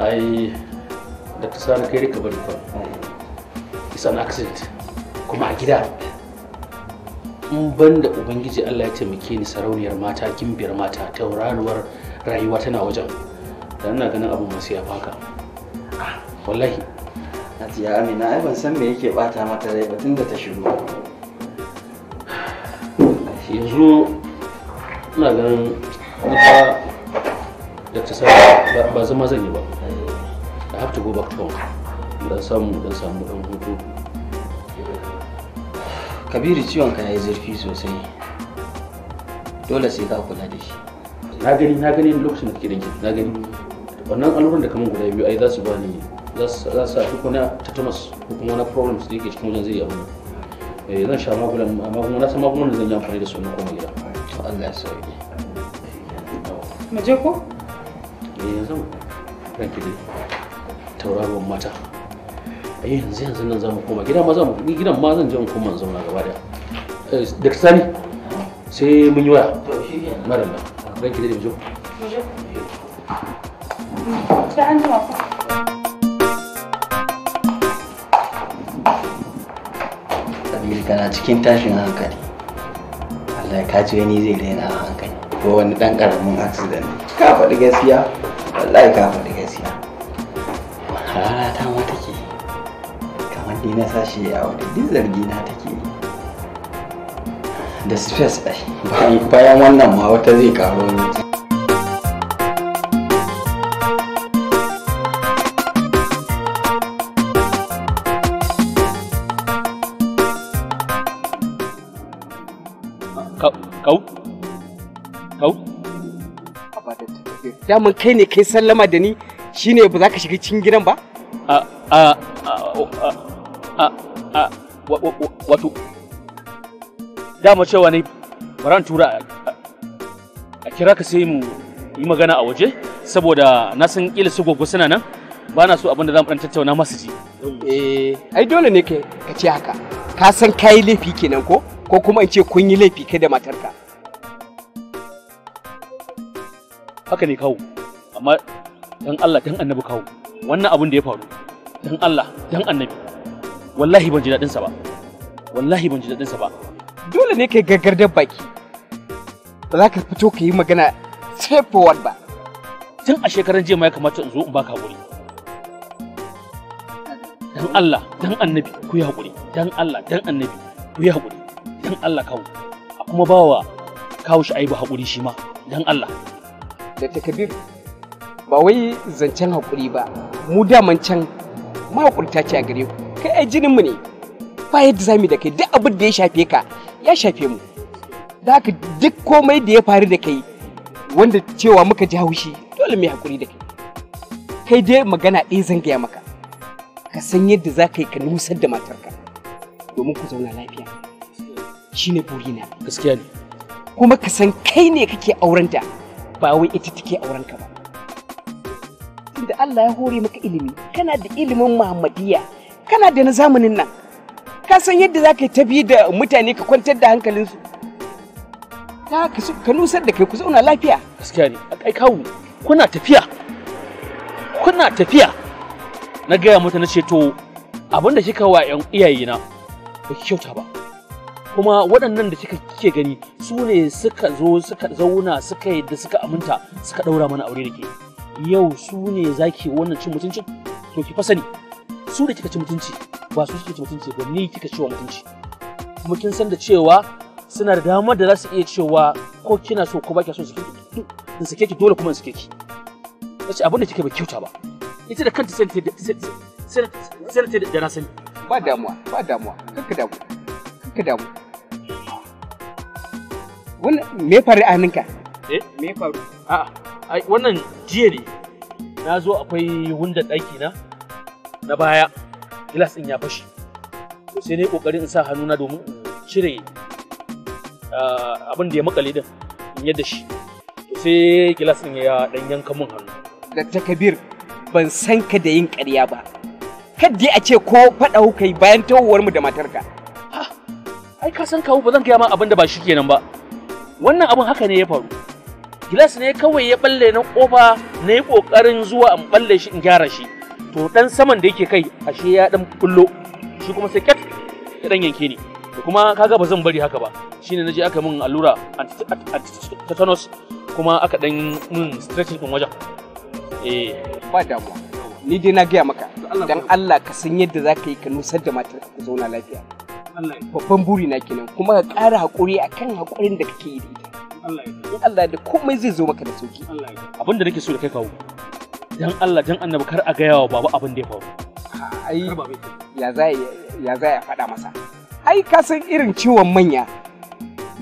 ai da ta sani kai rika bari fa it's an accident kuma a gida in ban da ubangiji Allah ya taimake ni sarauniyar mata gimbiyar mata tauraruwar rayuwa tana wajen da ina ganin abu masu ya baka ah, wallahi Hajiya Amina ai ban san me yake bata mata rai ba tunda ta shigo yanzu ina ganin ba da ta ba zama zan yi ba to go back to home dan samu dan samu dan hutu kabiru ciwon ka yayi zurfi sosai dole sai ka kula da shi na gani na gani lokacin da kake da na gani wannan aluran da kamar guda biyu ai za su ba ni za su sa ko na tetanus ko kuma na problems da yake cikin wajen zai yi eh zan sha magunan magunguna na san magunan zan yi amfani da su na koma gida to Allah ya sauke mu je ko eh yanzu ranki dai tauraron mata ai yanzu yanzu nan mu koma gidan ma zamu gidan ma zan je in koma zauna gaba da eh, da sani sai mun yi waya to nan da da an jima ku na cikin tashin hankali Allah ka ci zai daina hankali ko wani dan karamin accident ka faɗi gaskiya wallahi ka faɗi gaskiya rana ta ma take kamar ni na sashi ya wata duk zargi na take da space bayan wannan ma wata zai karo ne kau kau daman kai ne kai sallama da ni shine ba za ka shiga cikin gidan ba wato dama cewa ne baran tura a kira ka sai mu yi magana a waje saboda na san ƙila su gogo suna nan ba na so abin da za mu ɗan tattauna masu ji. Eh, ai dole ne ka ce haka. Ka san kayi laifi kenan ko? Ko kuma in ce kun yi laifi kai da matarka. Haka ne kawo, amma dan Allah dan annabi kawo. wannan abun da ya faru dan Allah dan annabi wallahi ban ji daɗin sa ba wallahi ban ji daɗin sa ba dole ne kai gaggardar baki ba za ka fito ka yi magana sai forward ba tun a shekaran jiya ma ya kamata in zo in baka haƙuri, dan Allah dan annabi ku yi hakuri dan Allah dan annabi ku yi hakuri dan Allah kawo a kuma bawa kawo shi aibu hakuri shi ma dan Allah da takabir ba wai zancen haƙuri ba mu daman can mahaƙurta ce a gare ku kai ai jinin mu ne ba yadda zamu da kai duk abin da ya shafe ka ya shafe mu da haka duk komai da ya faru da kai wanda cewa muka ji haushi dole mu haƙuri da kai kai dai magana ɗaya zan gaya maka ka san yadda za ka yi ka nusar da matarka domin ku zauna lafiya shine burina gaskiya ne kuma ka san kai ne kake aurenta ba wai ita take ka ba da Allah ya hore maka ilimi kana da ilimin Muhammadiyya kana da na zamanin nan ka san yadda za ka yi tabi da mutane ka kwantar da hankalinsu ka nusar da kai ku zauna lafiya gaskiya ne a kai kawo kuna tafiya kuna tafiya na gaya mata na ce to abin da kika wa yan iyayena ba ki kyauta ba kuma waɗannan da kika kike gani su ne suka zo suka zauna suka yadda suka aminta suka ɗaura mana aure da ke yau su ne zaki wannan cin mutuncin to ki fa sani su da kika ci mutunci ba su suke ci mutunci ba ni kika ci wa mutunci kuma kin san da cewa suna da damar da za su iya cewa ko kina so ko ba ki so su in sake ki dole kuma in sake ki nace abin da kika ba kyauta ba ita da kanta sai ta sai ta da na sani ba damuwa ba damuwa kanka damu kanka damu wannan me faru a hannunka eh me faru a'a wannan jiya ne na zo akwai hunda ɗaki na na baya gilas ɗin ya to sai ne ƙoƙarin in sa hannuna domin cire ah, abin da ya makale din in yadda shi sai gilas ɗin ya ɗan yanka min hannu Dr. Kabir ban san ka da yin ƙarya ba kadda a ce ko faɗa kai bayan tawowar mu da matarka ai ka san kawo ba zan kai ma abin da ba shi kenan ba wannan abin haka ne ya faru gilas ne kawai ya balle na kofa na yi kokarin zuwa in balle shi in gyara shi to dan saman da yake kai ashe ya dan kullo shi kuma sai ket ya dan yanke ni kuma kaga ba zan bari haka ba shine naje aka min allura tetanus kuma aka dan min stretching din wajen eh ba damuwa ni dai na gaya maka dan Allah ka san yadda zaka yi ka nusar da matar ka zauna lafiya babban buri na kenan kuma ka ƙara haƙuri akan haƙurin da kake yi ita in Allah ya komai zai zo maka da sauki abin da nake so da kai kawo dan Allah dan annabi kar a gaya wa babu abin da ya faru ai ya zai ya za ya faɗa masa ai ka san irin ciwon manya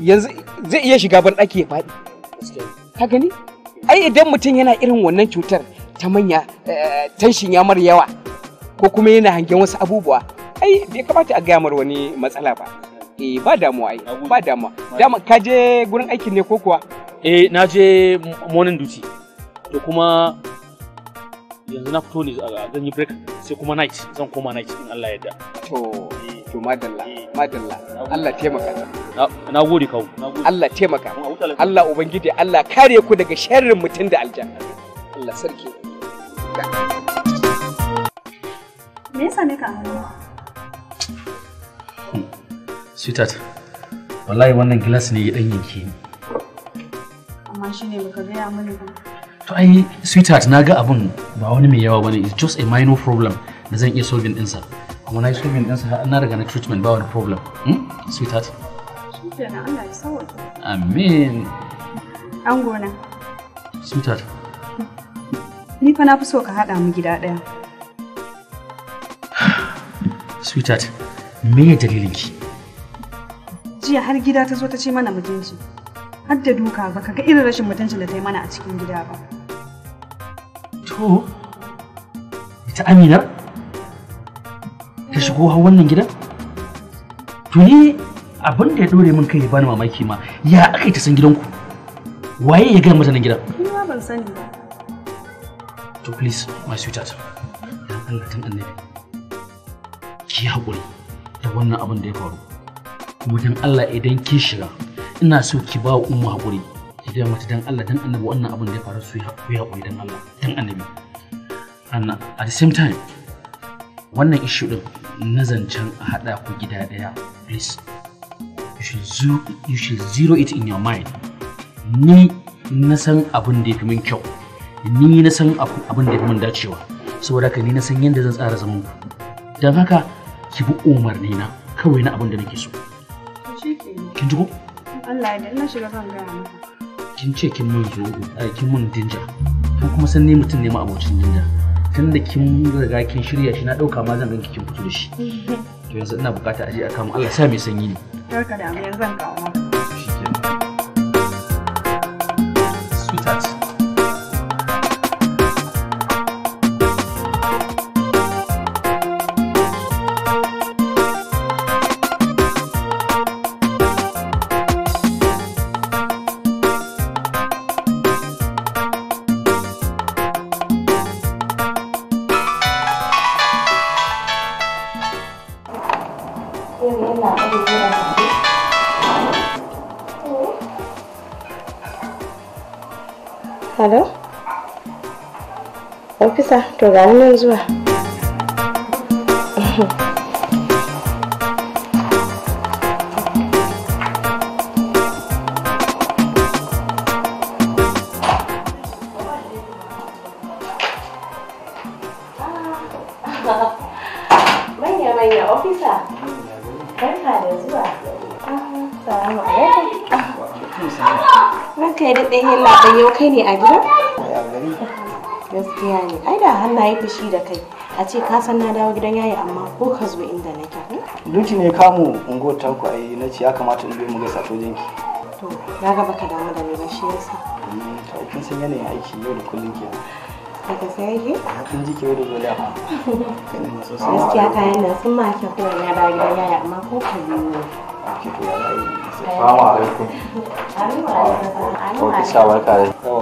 yanzu zai iya shiga ban ɗaki ya faɗi ka gani ai idan mutum yana irin wannan cutar ta manya eh, tanshin ya mar yawa ko kuma yana hangen wasu abubuwa ai bai kamata a gaya mar wani matsala ba eh ba damuwa ai ba damuwa dama ka je gurin aikin ne ko kuwa eh na je morning duty to kuma yanzu na fito ne zan yi break sai kuma night zan koma night in Allah ya yarda to eh. to madalla eh. madalla Allah taimaka na gode kawo Allah taimaka Allah ubangiji Allah kare ku daga sharrin mutum da aljanna Allah sarki me yasa ne ka hannu Sweetheart, wallahi wannan gilas ne ya dan yanke ni. Amma shi ne baka gaya mani ba. To ai, sweetheart na ga abun ba wani mai yawa bane, it's just a minor problem da zan iya solving sa Kuma na yi solving sa har na riga na treatment ba wani problem. Hmm? Sweetheart. Shi Allah ya sauwaka. Amin. An gona. Sweetheart. Ni fa na fi so ka haɗa mu gida ɗaya. Sweetheart, me ya dalilinki? jiya har gida ta zo ta ce mana mutunci har da duka ba ka ga irin rashin mutuncin da ta yi mana a cikin gida ba to ita amina ta shigo har wannan gidan to ni abin da ya dore min kai ya bani mamaki ma ya aka ta san gidanku waye ya gaya mata nan gidan ni ma ban sani ba to please my sweetheart dan Allah dan annabi ki haƙuri da wannan abin da ya faru kuma dan Allah idan ki shiga ina so ki ba umma hakuri ki ga mata dan Allah dan annabi wannan abin da ya faru su ya hakuri dan Allah dan annabi anna at the same time wannan issue din na zancen a hada ku gida daya please you should zero, you should zero it in your mind ni na san abin da ya fi min kyau ni na san abin da ya fi min dacewa saboda ka ni na san yadda zan tsara zaman don haka ki bi umarni na kawai na abin da nake so Kin ji ko? Allah ya na shiga kan gaya Kin ce kin mun zobo, ai kin mun dinja. Kin kuma san ni mutum ne ma abocin dinja. Tun da kin riga kin shirya shi na ɗauka ma zan ganki kin fito da shi. To yanzu ina bukata aje aka a kama Allah sa mai sanyi ne. Barka da mu yanzu zan kawo maka. isa to ga nan zuwa manya ofisa barka da zuwa salamu alaikum ranka ya daɗe yin labarai kai ne a gidan gaskiya ne ai da hannu yi fushi da kai a ce ka san na dawo gidan yayi amma ko ka zo inda nake duki hmm? ne kamu ungo ku ai na ce ya kamata in zo mu gaisa sojin ki to na ga baka damu da ni ba shi yasa hmm, to kin san yanayin aiki yau da kullun ke daga sai yake kin ji kewa da dole ha gaskiya kayan nan sun ma ke kowa na dawo gidan yayi amma ko ka zo ne. ki to ya rayu assalamu alaikum alaikum alaikum alaikum alaikum alaikum alaikum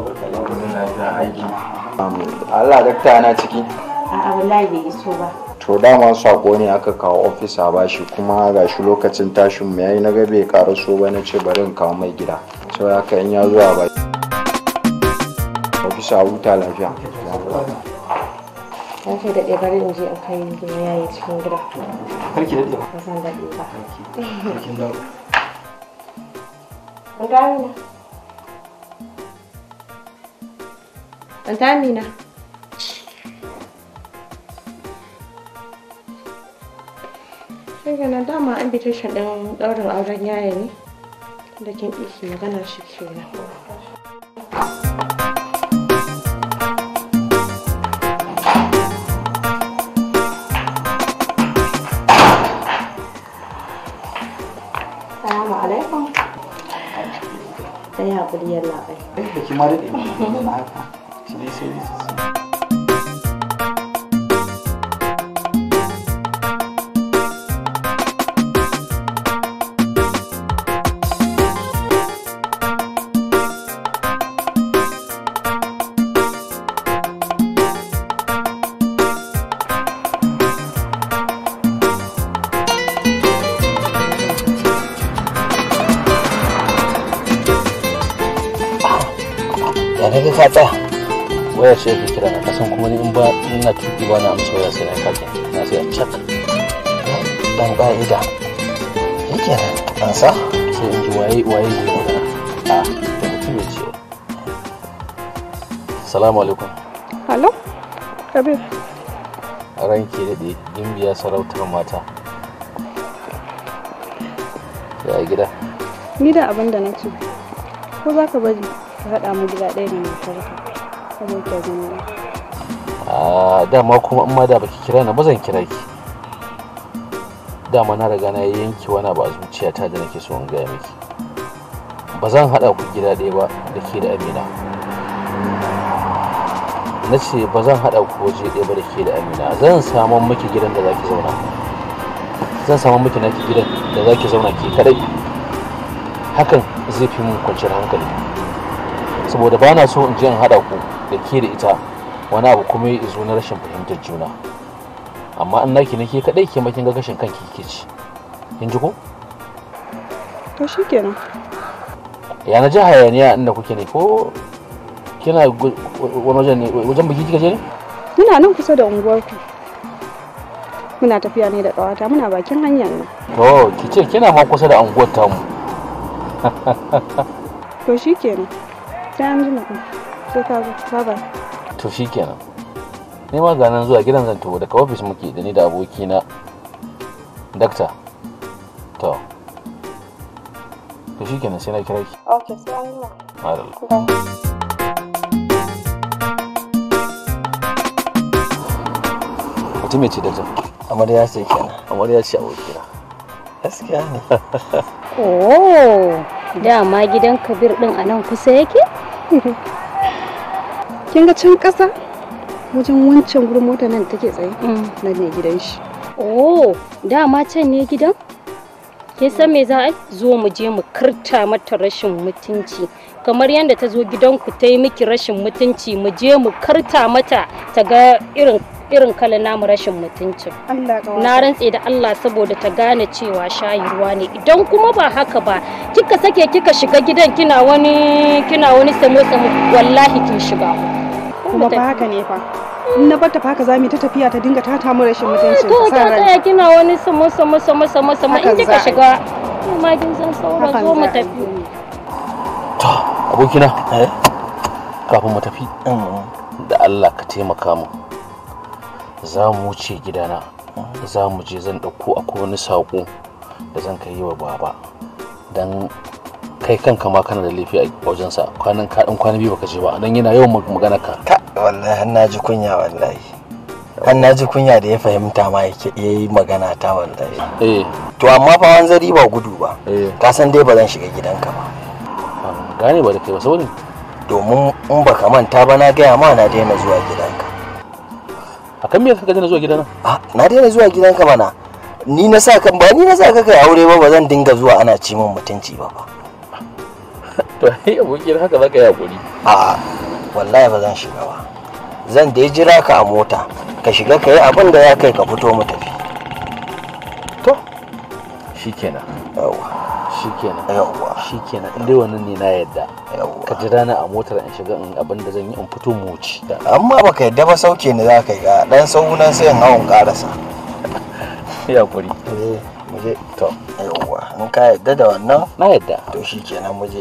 alaikum alaikum alaikum alaikum alaikum Allah ta na ciki a'a wallahi bai iso ba to dama sako ne aka kawo ofisa ba shi kuma ga shi lokacin tashin mu yayi na ga bai karaso ba na ce bari in kawo mai gida sau haka in ya zuwa ba ofisa huta lafiya an ce daɗe bari in je in kai gida yayi cikin gida karki daɗe ba ba daɗe ba karki daɗe ba Anta Amina. Sai ganin dama invitation ɗin ɗaurin auren yaya ne. Da kin ƙi magana shi kenan. Assalamu alaikum. haƙuri yalla Ai, da daɗe, na haka. 啊，两天就快赚。waya ce yake kira na kasan kuma ni in ba ina tuki ba na amsa waya sai na kake na sai cak dan ba ida yake nan amsa sai in ji waye waye ne ba a da mutum ya ce assalamu alaikum hello kabir ranke daɗe dimbiya sarautar mata ya gida ni da abin da nake ko zaka bari ka hada mu gida ɗaya da matarka a ah, dama kuma in ma da baki kira na ba zan kira ki dama na riga na yanki wani ba ta da nake so in gaya miki ba zan haɗa ku gida ɗaya ba da ke da amina na ce ba zan haɗa ku waje ɗaya ba da ke da amina zan samu miki gidan da za ki zauna zan samu miki naki gidan da za ki zauna ke kaɗai hakan zai fi mun kwanciyar hankali saboda ba na so in je in haɗa ku da ke da ita wani abu kuma ya zo na rashin fahimtar juna amma an naki nake kadai ke makin gashin kanki kike ci kin ji ko to shikenan ya na ji hayaniya inda kuke ne ko kina wani wajen ne wajen biki kika je ne muna nan kusa da unguwarku muna tafiya ne da ƙawata muna bakin hanyar ne to ki ce kina ma kusa da unguwar mu. to shikenan ta an ji sai ka zo to shikenan ni ma ga nan zuwa gidan zan taho daga ofis muke da ni da abokina dakta to to shikenan sai na kira ki okay sai an yi ma mutum ya ce dakta amarya ce kenan amarya ce abokina gaskiya ne oh dama gidan kabir din a nan kusa yake kin ga can ƙasa wajen wancan gurin mota nan take tsaye mm. na ne gidan shi oh dama can ne gidan kin san me za a zo mu je mu karta mata rashin mutunci kamar yadda ta zo gidanku ta yi miki rashin mutunci mu je mu karta mata ta ga irin irin kalan namu rashin mutuncin na rantse da Allah saboda ta gane cewa shayi ruwa ne idan kuma ba haka ba kika sake kika shiga gidan kina wani kina wani samo samo wallahi kin shiga kuma ba haka ne fa in na bata haka za mu ta tafiya ta dinga tata mu rashin ah, mutunci to ka tsaya kina wani sama sama sama sama sama in kika shiga ma kin san sauran zo mu tafi to abokina eh, kafin mu tafi da Allah ka taimaka mu za mu wuce gidana za mu je zan ɗauko akwai wani sako da zan kai wa baba dan. kai kanka ma kana da laifi a wajensa kwanan ka dan kwana biyu baka je ba nan yana yawan magana ka ta wallahi har naji kunya wallahi har naji kunya da ya fahimta ma yake yayi magana ta wallahi eh to amma fa wanzari ba gudu ba eh. ka san dai ba zan shiga gidanka ba ah, gane ba da kai ba saboda domin in baka manta ba na gaya ma na daina zuwa gidanka a kan me ka daina zuwa gidana a na daina zuwa gidanka mana ni na sa kan ba ni na sa ka kai aure ba ba zan dinga zuwa ana ci min mutunci ba ba to ai abokin haka zaka yi hakuri a wallahi ba zan shiga ba zan dai jira ka a mota ka shiga ka yi abin da ya kai ka fito mu tafi to shikenan yawa shikenan yawa shikenan dai wannan ne na yadda ka jira ni a motar in shiga in abin da zan yi in fito mu wuce amma baka yadda ba sauke ne za ka yi dan saunan sai in hawan karasa ya kuri eh muje to yawa in ka yadda da wannan na yadda to shikenan muje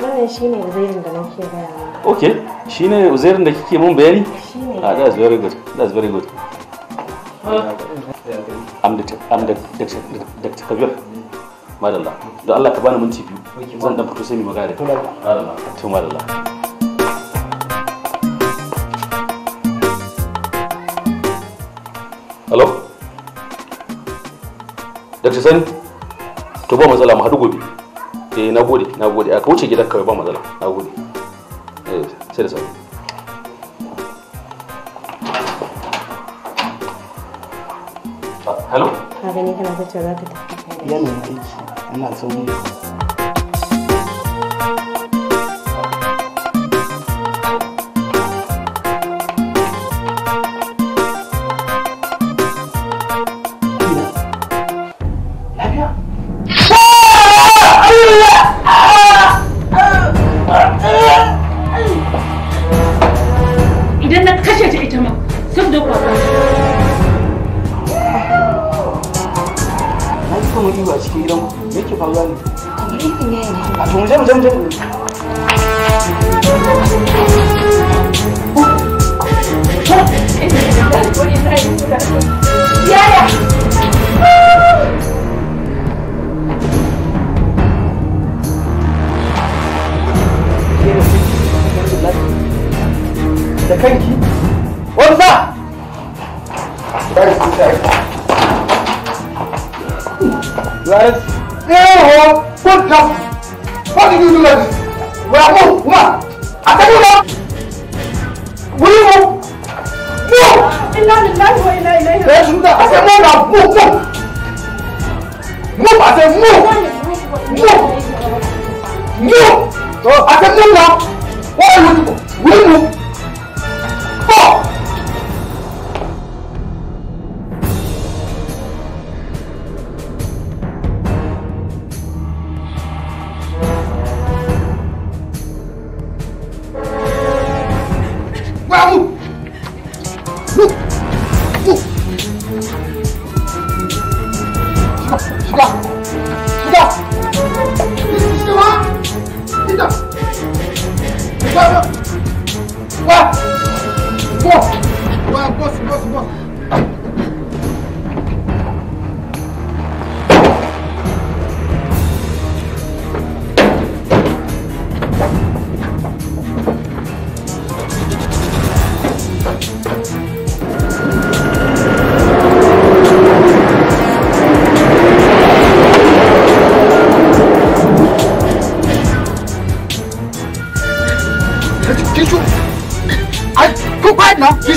wannan shine uzairin da nake gaya maka okay shine uzairin da kike mun bayani shine ah that's very good that's very good am da am da da kabir madalla don Allah ka bani minti biyu zan dan fito sai mu magana da kai madalla to madalla Hello? Dr. Sani, to ba matsala mu haɗu gobe. e na gode na gode a wuce gidan kawai ba matsala na gode eh sai da sauri hello ka gani kana ta ce ka tafi yanayin aiki ana sauri Right? Ewo, what happened? What did you do like this? Well, move, come on. I tell you now. Will you move? Move! Iná ni láì wọ iná ilé yẹn. Ẹ ṣúgbà, I say move now, move, move. Move, I say move. Move. Move. Move. I say move now. Why are you 哇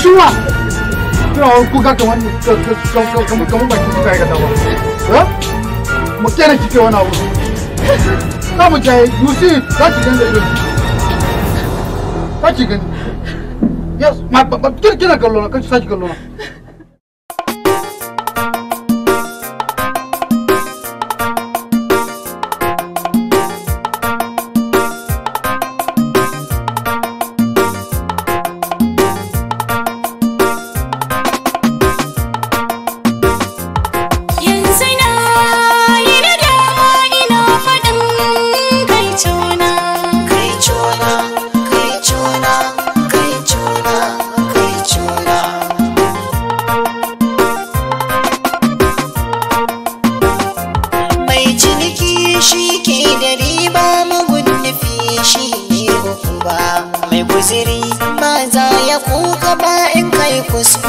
ciwa kira kuka kamar kamar baki kuka aikata ba eh? mu kera kike wani abu gani gani kallona kallona was